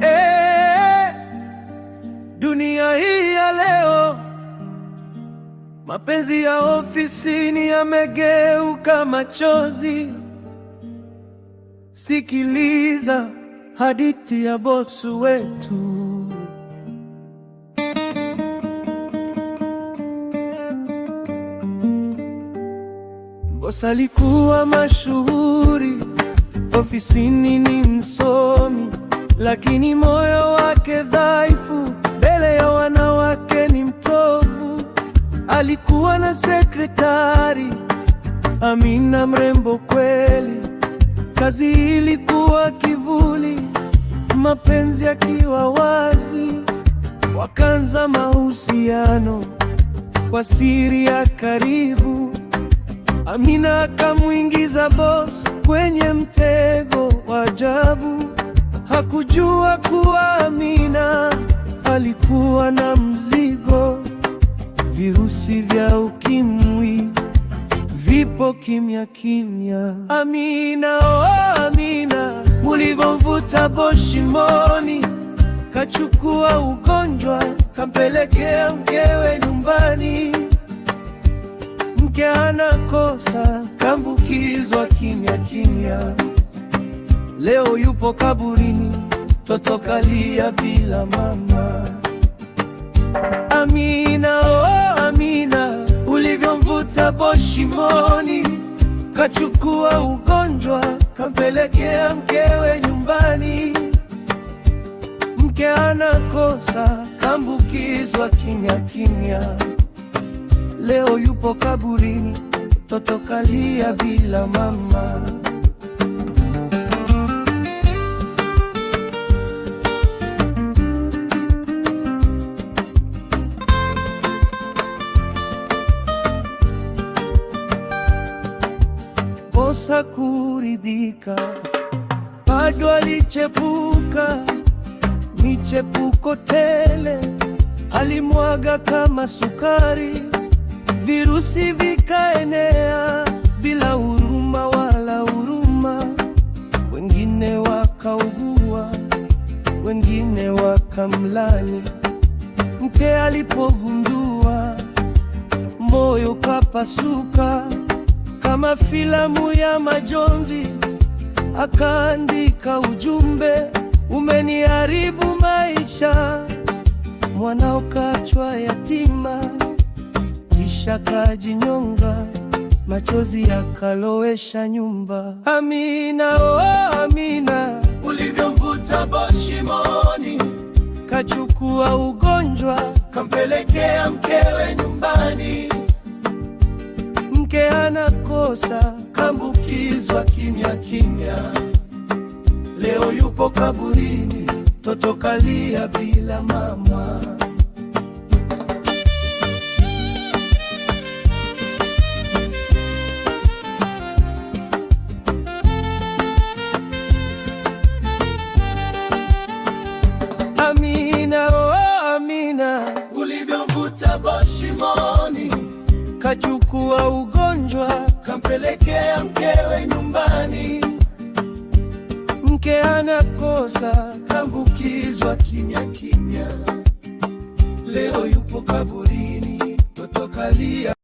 Eh, dunia hii ya leo, mapenzi ya ofisini yamegeuka machozi. Sikiliza hadithi ya bosu wetu. Bosa alikuwa mashuhuri, ofisini ni msomi, lakini moyo wake dhaifu, mbele ya wanawake ni mtovu. Alikuwa na sekretari Amina, mrembo kweli, kazi ilikuwa kivuli, mapenzi akiwa wazi, wakaanza mahusiano kwa siri ya karibu. Amina akamwingiza Boss kwenye mtego wa ajabu. Hakujua kuwa Amina alikuwa na mzigo. Virusi vya ukimwi vipo kimya kimya. Amina, oh Amina, mulivyomvuta boshimoni kachukua ugonjwa kampelekea mkewe nyumbani mwanamke anakosa kambukizwa kimya kimya, leo yupo kaburini, toto kalia bila mama. Amina, oh Amina, ulivyomvuta boshimoni, kachukua ugonjwa kampelekea mkewe nyumbani. Mke anakosa kambukizwa kimya kimya leo yupo kaburini, mtoto kalia bila mama. Kosa kuridhika, bado alichepuka michepuko tele, alimwaga kama sukari virusi vikaenea bila huruma wala huruma, wengine wakaugua, wengine wakamlani. Mke alipogundua moyo kapasuka kama filamu ya majonzi, akaandika ujumbe, umeniharibu maisha, mwanao kachwa yatima kisha kajinyonga, machozi yakalowesha nyumba. Amina, oh Amina, ulivyomvuta boshimoni, kachukua ugonjwa kampelekea mkewe nyumbani. Mke anakosa kambukizwa kimya kimya, leo yupo kaburini, toto kalia bila mama. kachukua ugonjwa kampelekea mkewe nyumbani, mke anakosa kambukizwa kimya kimya, leo yupo kaburini, totokalia